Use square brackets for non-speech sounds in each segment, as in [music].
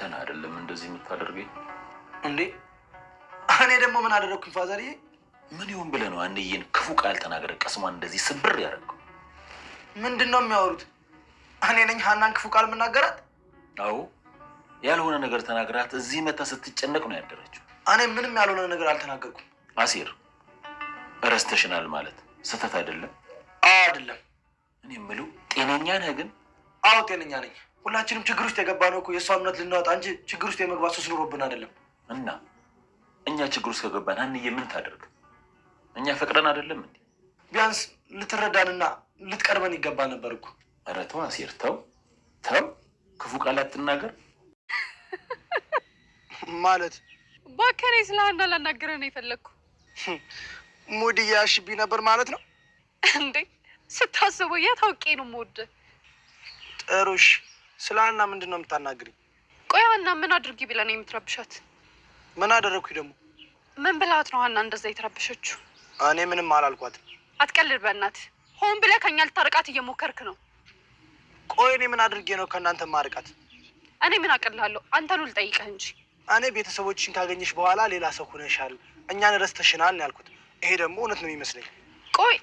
አንተን አይደለም እንደዚህ የምታደርገኝ። እንዴ እኔ ደግሞ ምን አደረግኩኝ? ፋዘርዬ ምን ይሁን ብለህ ነው አንዬን ክፉ ቃል ተናገረ ቀስሟን እንደዚህ ስብር ያደረገው? ምንድን ነው የሚያወሩት? እኔ ነኝ ሀናን ክፉ ቃል የምናገራት? አዎ ያልሆነ ነገር ተናግራት እዚህ መታ ስትጨነቅ ነው ያደረችው። እኔ ምንም ያልሆነ ነገር አልተናገርኩም። አሴር እረስተሽናል ማለት ስህተት አይደለም? አዎ አይደለም። እኔ የምለው ጤነኛ ነህ ግን? አዎ ጤነኛ ነኝ። ሁላችንም ችግር ውስጥ የገባ ነው እኮ የእሷ እምነት ልናወጣ እንጂ ችግር ውስጥ የመግባት ሱስ ኑሮብን አይደለም። እና እኛ ችግር ውስጥ ከገባን ሀንዬ ምን ታደርግ? እኛ ፈቅደን አይደለም እንዴ? ቢያንስ ልትረዳንና ልትቀርበን ይገባ ነበር እኮ። ኧረ ተው አሴር ተው ተው፣ ክፉ ቃል አትናገር። [laughs] ማለት እባክህ ስለ አንዳ ላናገረ ነው የፈለግኩ። [laughs] ሙድ እያያሽብኝ ነበር ማለት ነው እንዴ? ስታስበው የታውቄ ነው የምወደው። ጥሩሽ ስለ ሀና ምንድን ነው የምታናግሪኝ? ቆይ ሀና ምን አድርጊ ብለህ ነው የምትረብሻት? ምን አደረግኩኝ ደግሞ? ምን ብላት ነው ሀና እንደዛ የተረብሸችው? እኔ ምንም አላልኳትም። አትቀልድ በእናትህ። ሆን ብለህ ከኛ ልታርቃት እየሞከርክ ነው። ቆይ እኔ ምን አድርጌ ነው ከእናንተ ማርቃት? እኔ ምን አቅልላለሁ? አንተኑ ልጠይቀህ እንጂ እኔ ቤተሰቦችን ካገኘሽ በኋላ ሌላ ሰው ሆነሻል፣ እኛን ረስተሽናል ነው ያልኩት። ይሄ ደግሞ እውነት ነው የሚመስለኝ። ቆይ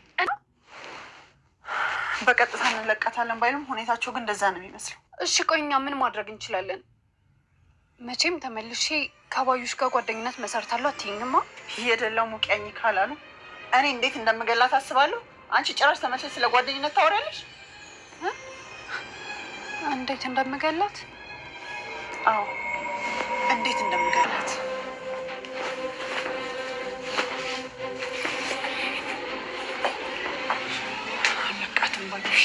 በቀጥታ እንለቀታለን ባይልም ሁኔታቸው ግን እንደዛ ነው የሚመስለው። እሺ ቆይ ምን ማድረግ እንችላለን? መቼም ተመልሼ ከባዩሽ ጋር ጓደኝነት መሰርታለሁ አትይኝማ። የደላው ሙቅያኝ ካላሉ እኔ እንዴት እንደምገላት አስባለሁ። አንቺ ጭራሽ ተመልሰሽ ስለ ጓደኝነት ታወሪያለሽ። እንዴት እንደምገላት? አዎ እንዴት እንደምገላት አለቃትን ባዩሽ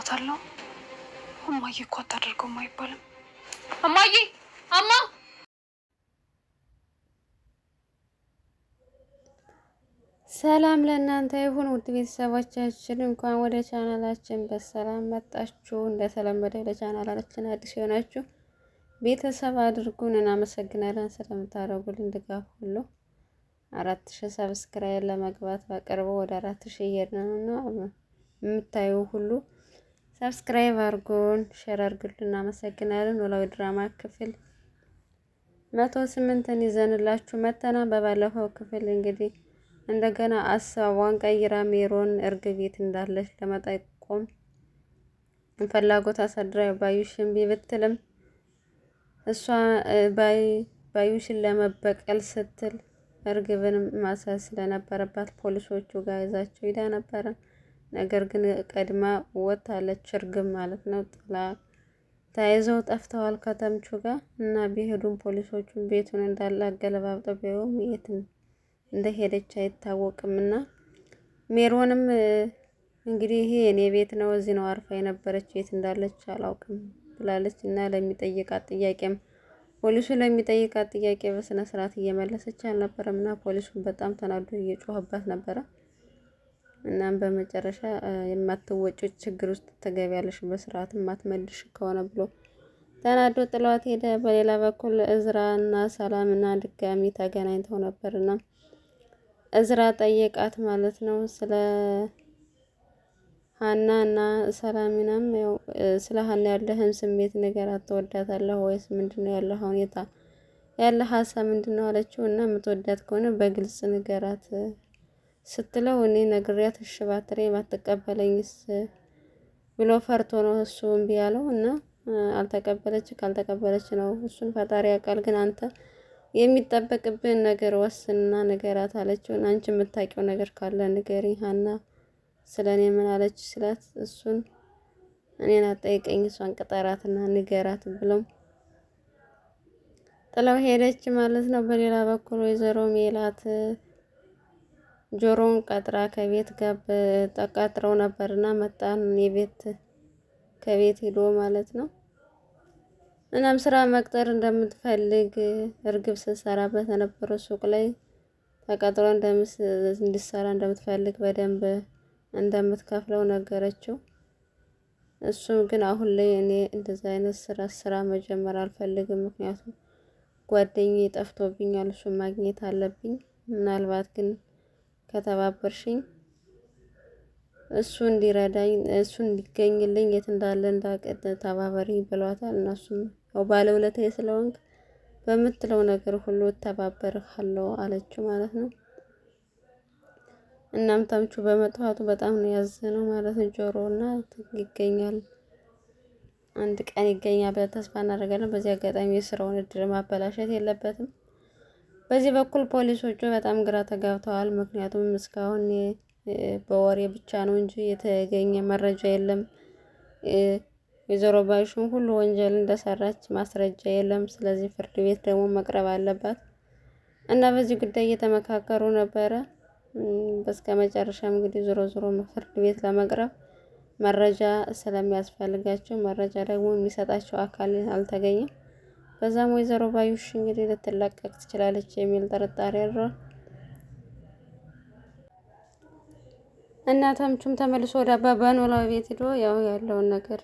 እረዳታለሁ። እማዬ እኮ አታደርገውም አይባልም። እማዬ አማ ሰላም ለእናንተ ይሁን ውድ ቤተሰቦቻችን፣ እንኳን ወደ ቻናላችን በሰላም መጣችሁ። እንደተለመደ ለቻናላችን አዲስ የሆናችሁ ቤተሰብ አድርጉን፣ እናመሰግናለን ስለምታደርጉልን ድጋፍ ሁሉ። አራት ሺህ ሰብስክራይብ ለመግባት በቅርቡ ወደ አራት ሺህ እየሄድን ነው እና የምታዩ ሁሉ ሰብስክራይብ አርጉን፣ ሼር አድርጉልን፣ እናመሰግናለን። ኖላዊ ድራማ ክፍል መቶ ስምንትን ይዘንላችሁ መተና በባለፈው ክፍል እንግዲህ እንደገና አሳቧን ቀይራ ሜሮን እርግቤት እንዳለች ለመጠቆም ፍላጎት አሳድራ ባዩሽን ቢብትልም ብትልም እሷ ባዩሽን ለመበቀል ስትል እርግብን ማሳዝ ስለነበረባት ፖሊሶቹ ጋር ይዛቸው ሂዳ ነበረ። ነገር ግን ቀድማ ወጥታለች እርግብ ማለት ነው። ጥላ ተያይዘው ጠፍተዋል ከተምቹ ጋር እና ቢሄዱም ፖሊሶቹን ቤቱን እንዳለ አገለባብጠው ቢሆም የት እንደሄደች አይታወቅም። እና ሜሮንም እንግዲህ ይሄ የኔ ቤት ነው፣ እዚህ ነው አርፋ የነበረች፣ የት እንዳለች አላውቅም ብላለች። እና ለሚጠይቃት ጥያቄም ፖሊሱ ለሚጠይቃት ጥያቄ በስነ ስርዓት እየመለሰች አልነበረም እና ፖሊሱን በጣም ተናዶ እየጮኸባት ነበረ። እናም በመጨረሻ የማትወጪ ችግር ውስጥ ትገቢያለሽ በስርዓት የማትመልሽ ከሆነ ብሎ ተናዶ ጥለዋት ሄደ። በሌላ በኩል እዝራ እና ሰላም እና ድጋሚ ተገናኝተው ነበር እና እዝራ ጠየቃት ማለት ነው ስለ ሀና እና ሰላሚናም ያው ስለ ሀና ያለህን ስሜት ነገር ትወዳታለህ ወይስ ምንድነው ያለ ሁኔታ ያለ ሀሳብ ምንድነው አለችው እና የምትወዳት ከሆነ በግልጽ ንገራት ስትለው እኔ ነግሬያት እሺ ባትሬ ባትቀበለኝስ ብሎ ፈርቶ ነው እሱ እምቢ ያለው እና አልተቀበለች ካልተቀበለች ነው እሱን ፈጣሪ ያውቃል። ግን አንተ የሚጠበቅብን ነገር ወስንና ንገራት አለችው። አንቺ የምታውቂው ነገር ካለ ንገሪ ሀና ስለ እኔ ምን አለች ስላት እሱን እኔን አጠይቀኝ እሷን ቅጠራትና ንገራት ብሎም ጥለው ሄደች ማለት ነው። በሌላ በኩል ወይዘሮ ሜላት ጆሮውን ቀጥራ ከቤት ጋር ተቀጥረው ነበርና መጣን። የቤት ከቤት ሄዶ ማለት ነው። እናም ስራ መቅጠር እንደምትፈልግ እርግብ ስትሰራበት የነበረው ሱቅ ላይ ተቀጥሮ እንዲሰራ እንደምትፈልግ በደንብ እንደምትከፍለው ነገረችው። እሱም ግን አሁን ላይ እኔ እንደዚ አይነት ስራ ስራ መጀመር አልፈልግም፣ ምክንያቱም ጓደኛዬ ጠፍቶብኛል፣ እሱ ማግኘት አለብኝ ምናልባት ግን ከተባበርሽኝ እሱ እንዲረዳኝ እሱ እንዲገኝልኝ የት እንዳለ እንዳቀድ ተባበሪ ብሏታል። እነሱም ያው ባለውለታዬ ስለሆንክ በምትለው ነገር ሁሉ እተባበርሃለሁ አለችው ማለት ነው። እናም ተምቹ በመጥፋቱ በጣም ነው ያዘነው ማለት ነው። ጆሮ እና ይገኛል አንድ ቀን ይገኛል ብለን ተስፋ እናደርጋለን። በዚህ አጋጣሚ የስራውን እድል ማበላሸት የለበትም። በዚህ በኩል ፖሊሶቹ በጣም ግራ ተጋብተዋል። ምክንያቱም እስካሁን በወሬ ብቻ ነው እንጂ የተገኘ መረጃ የለም። ወይዘሮ ባዩሽም ሁሉ ወንጀል እንደሰራች ማስረጃ የለም። ስለዚህ ፍርድ ቤት ደግሞ መቅረብ አለባት እና በዚህ ጉዳይ እየተመካከሩ ነበረ። በስከ መጨረሻም እንግዲህ ዞሮ ዞሮ ፍርድ ቤት ለመቅረብ መረጃ ስለሚያስፈልጋቸው መረጃ ደግሞ የሚሰጣቸው አካል አልተገኘም። በዛም ወይዘሮ ባዩሽ እንግዲህ ልትለቀቅ ትችላለች የሚል ጥርጣሬ አለ። እና ተምቹም ተመልሶ ወደ አባባ ኖላዊ ቤት ሄዶ ያው ያለውን ነገር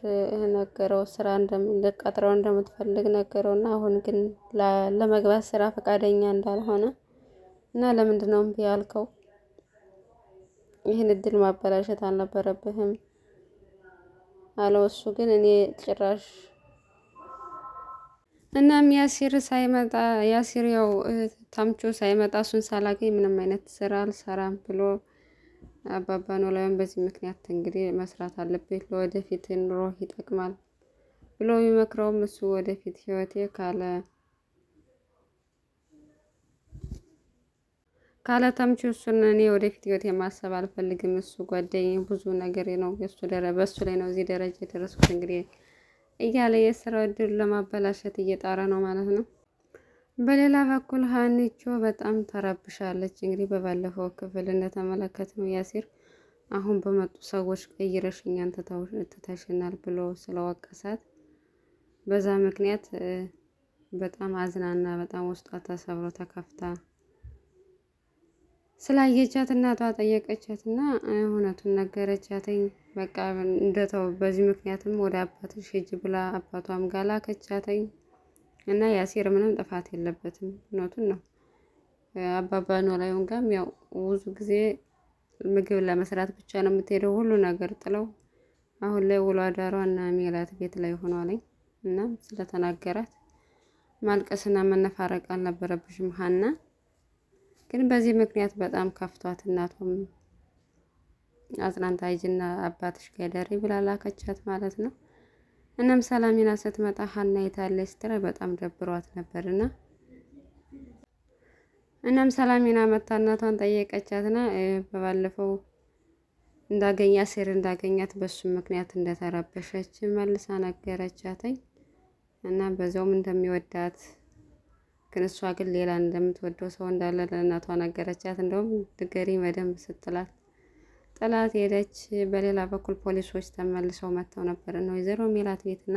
ነገረው። ስራ እንደምትቀጥረው እንደምትፈልግ ነገረው እና አሁን ግን ለመግባት ስራ ፈቃደኛ እንዳልሆነ እና ለምንድን ነው እምቢ ያልከው? ይህን እድል ማበላሸት አልነበረብህም አለው። እሱ ግን እኔ ጭራሽ እናም ያሲር ሳይመጣ ያሲር ያው ታምቾ ሳይመጣ እሱን ሳላገኝ ምንም አይነት ስራ አልሰራም ብሎ አባባ ኖላዊን በዚህ ምክንያት እንግዲህ መስራት አለብህ ለወደፊት ኑሮ ይጠቅማል ብሎ ቢመክረውም እሱ ወደፊት ህይወቴ ካለ ካለ ታምቹ እሱን እኔ ወደፊት ህይወቴ ማሰብ አልፈልግም። እሱ ጓደኝ ብዙ ነገር ነው። የሱ በሱ ላይ ነው እዚህ ደረጃ የደረስኩት እንግዲህ እያለ የስራ እድል ለማበላሸት እየጣረ ነው ማለት ነው። በሌላ በኩል ሀኒቾ በጣም ተረብሻለች። እንግዲህ በባለፈው ክፍል እንደተመለከት ነው ያሲር አሁን በመጡ ሰዎች ቀይረሽኛን ትተሽናል ብሎ ስለወቀሳት በዛ ምክንያት በጣም አዝናና በጣም ውስጧ ተሰብሮ ተከፍታ ስላየቻት እናቷ ጠየቀቻት እና እውነቱን ነገረቻትኝ። በቃ እንደተው በዚህ ምክንያትም ወደ አባትሽ ሂጂ ብላ አባቷም ጋር ላከቻትኝ እና ያሲር ምንም ጥፋት የለበትም እውነቱን ነው። አባባ ኖላዊን ጋም ያው ብዙ ጊዜ ምግብ ለመስራት ብቻ ነው የምትሄደው ሁሉ ነገር ጥለው አሁን ላይ ውሎ አዳሯ እና ሜላት ቤት ላይ ሆኗለኝ እና ስለተናገራት ማልቀስና መነፋረቅ አልነበረብሽም ሀና ግን በዚህ ምክንያት በጣም ከፍቷት እናቷም አጽናንታ ሂጂና አባትሽ ጋር ደሪ ብላ ላከቻት ማለት ነው። እናም ሰላሚና ስትመጣ ሀና የታለች ስትለው በጣም ደብሯት ነበርና እናም ሰላሚና መታ እናቷን ጠየቀቻትና በባለፈው እንዳገኛ ሴር እንዳገኛት በሱም ምክንያት እንደተረበሸች መልሳ ነገረቻተኝ እና በዛውም እንደሚወዳት ግን እሷ ግን ሌላ እንደምትወደው ሰው እንዳለ ለእናቷ ነገረቻት። እንደውም ንገሪ በደንብ ስትላት ጥላት ሄደች። በሌላ በኩል ፖሊሶች ተመልሰው መጥተው ነበር ነው ወይዘሮ ሜላት ቤትና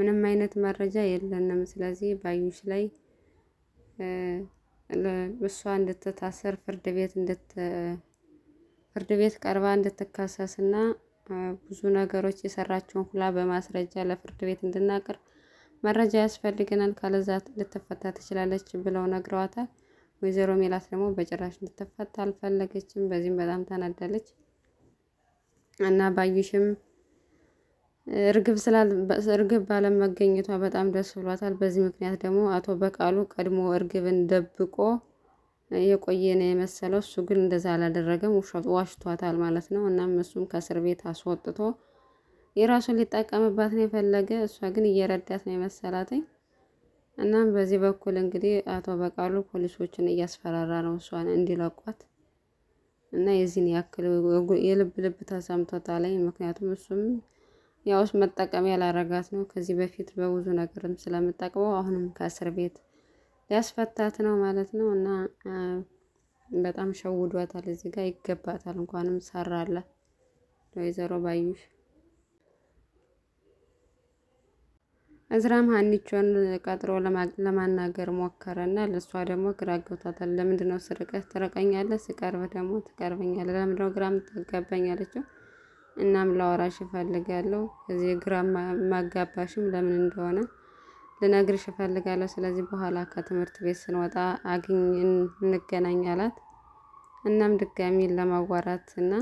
ምንም አይነት መረጃ የለንም። ስለዚህ ባዩሽ ላይ እሷ እንድትታሰር ፍርድ ቤት ፍርድ ቤት ቀርባ እንድትከሰስና ብዙ ነገሮች የሰራቸውን ሁላ በማስረጃ ለፍርድ ቤት እንድናቀርብ መረጃ ያስፈልገናል፣ ካለዛ ልትፈታ ትችላለች ብለው ነግረዋታል። ወይዘሮ ሜላት ደግሞ በጭራሽ ልትፈታ አልፈለገችም። በዚህም በጣም ታናዳለች እና ባዩሽም እርግብ ስላል እርግብ ባለመገኘቷ በጣም ደስ ብሏታል። በዚህ ምክንያት ደግሞ አቶ በቃሉ ቀድሞ እርግብን ደብቆ የቆየ ነው የመሰለው። እሱ ግን እንደዛ አላደረገም፣ ዋሽቷታል ማለት ነው። እናም እሱም ከእስር ቤት አስወጥቶ የራሱን ሊጠቀምባት ነው የፈለገ፣ እሷ ግን እየረዳት ነው የመሰላትኝ። እናም በዚህ በኩል እንግዲህ አቶ በቃሉ ፖሊሶችን እያስፈራራ ነው እሷን እንዲለቋት እና የዚህን ያክል የልብ ልብ ተሰምቶታለኝ። ምክንያቱም እሱም ያውስ መጠቀም ያላረጋት ነው። ከዚህ በፊት በብዙ ነገርም ስለምጠቅመው አሁንም ከእስር ቤት ሊያስፈታት ነው ማለት ነው እና በጣም ሸውዷታል። እዚህ ጋር ይገባታል። እንኳንም ሰራላት ወይዘሮ ባዩሽ እዝራም ሀኒቾን ቀጥሮ ለማናገር ሞከረ እና ለእሷ ደግሞ ግራ ገብቷታል። ለምንድነው ስርቀህ ትርቀኛለህ፣ ስቀርብ ደግሞ ትቀርበኛለህ፣ ለምንድነው ግራ የምታጋባኝ አለችው። እናም ላወራሽ እፈልጋለሁ፣ እዚህ ግራ ማጋባሽም ለምን እንደሆነ ልነግርሽ እፈልጋለሁ። ስለዚህ በኋላ ከትምህርት ቤት ስንወጣ አግኝ እንገናኝ አላት። እናም ድጋሚ ለማዋራት እና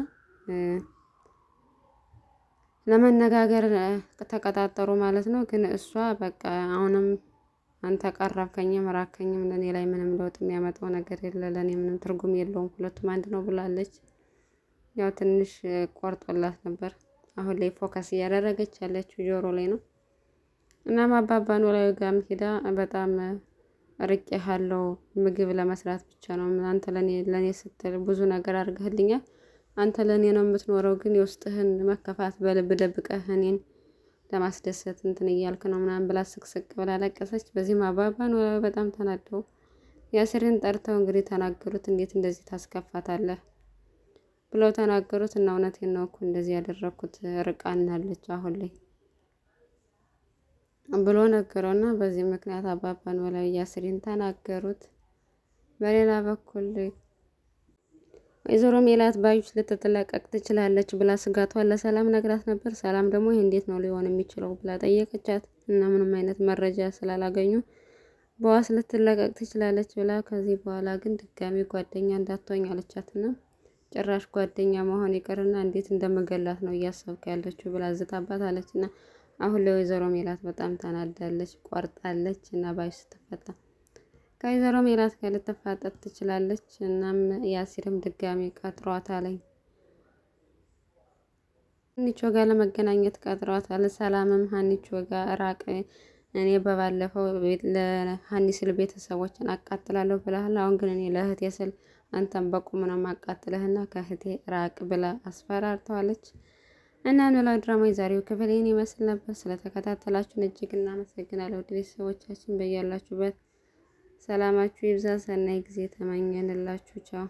ለመነጋገር ተቀጣጠሩ ማለት ነው። ግን እሷ በቃ አሁንም አንተ ቀረብከኝም ራከኝም ለእኔ ላይ ምንም ለውጥ የሚያመጣው ነገር የለ፣ ለእኔ ምንም ትርጉም የለውም፣ ሁለቱም አንድ ነው ብላለች። ያው ትንሽ ቆርጦላት ነበር። አሁን ላይ ፎከስ እያደረገች ያለችው ጆሮ ላይ ነው። እናም አባባ ኖላዊ ጋም ሄዳ በጣም ርቄ ያለው ምግብ ለመስራት ብቻ ነው። አንተ ለእኔ ስትል ብዙ ነገር አድርገህልኛል አንተ ለእኔ ነው የምትኖረው፣ ግን የውስጥህን መከፋት በልብ ደብቀህ እኔን ለማስደሰት እንትን እያልክ ነው ምናምን ብላ ስቅስቅ ብላ ለቀሰች። በዚህም አባባ ኖላዊ በጣም ተናደው ያሲርን ጠርተው እንግዲህ ተናገሩት። እንዴት እንደዚህ ታስከፋታለህ ብለው ተናገሩት። እና እውነቴን ነው እኮ እንደዚህ ያደረግኩት ርቃናለች አሁን ላይ ብሎ ነገረው እና በዚህ ምክንያት አባባ ኖላዊ ያስሪን ተናገሩት። በሌላ በኩል ወይዘሮ ሜላት ባዩሽ ልትጠላቀቅ ትችላለች ብላ ስጋቷ ለሰላም ነግራት ነበር። ሰላም ደግሞ ይህ እንዴት ነው ሊሆን የሚችለው ብላ ጠየቀቻት እና ምንም አይነት መረጃ ስላላገኙ በዋስ ልትለቀቅ ትችላለች ብላ ከዚህ በኋላ ግን ድጋሚ ጓደኛ እንዳትሆኝ አለቻትና ጭራሽ ጓደኛ መሆን ይቅርና እንዴት እንደመገላት ነው እያሰብከ ያለችው ብላ ዝታባት አለችና አሁን ለወይዘሮ ሜላት በጣም ታናዳለች፣ ቆርጣለች እና ባዩሽ ስትፈታ ከወይዘሮ ሜላት ጋር ልትፋጠጥ ትችላለች። እናም የአሲርም ድጋሚ ቀጥሯታለኝ ሀኒቾ ጋር ለመገናኘት ቀጥሯታል። ሰላምም ሀኒቾ ጋር ራቅ፣ እኔ በባለፈው ለሀኒ ስል ቤተሰቦችን አቃጥላለሁ ብለሃል። አሁን ግን እኔ ለእህቴ ስል አንተም በቁም ነው ማቃጥለህና ከእህቴ ራቅ ብላ አስፈራርተዋለች። እና ኖላዊ ድራማ የዛሬው ክፍል ይህን ይመስል ነበር። ስለተከታተላችሁን እጅግ እናመሰግናለሁ። ድሬ ሰዎቻችን በያላችሁበት ሰላማችሁ ይብዛ። ሰናይ ጊዜ ተመኘንላችሁ። ቻው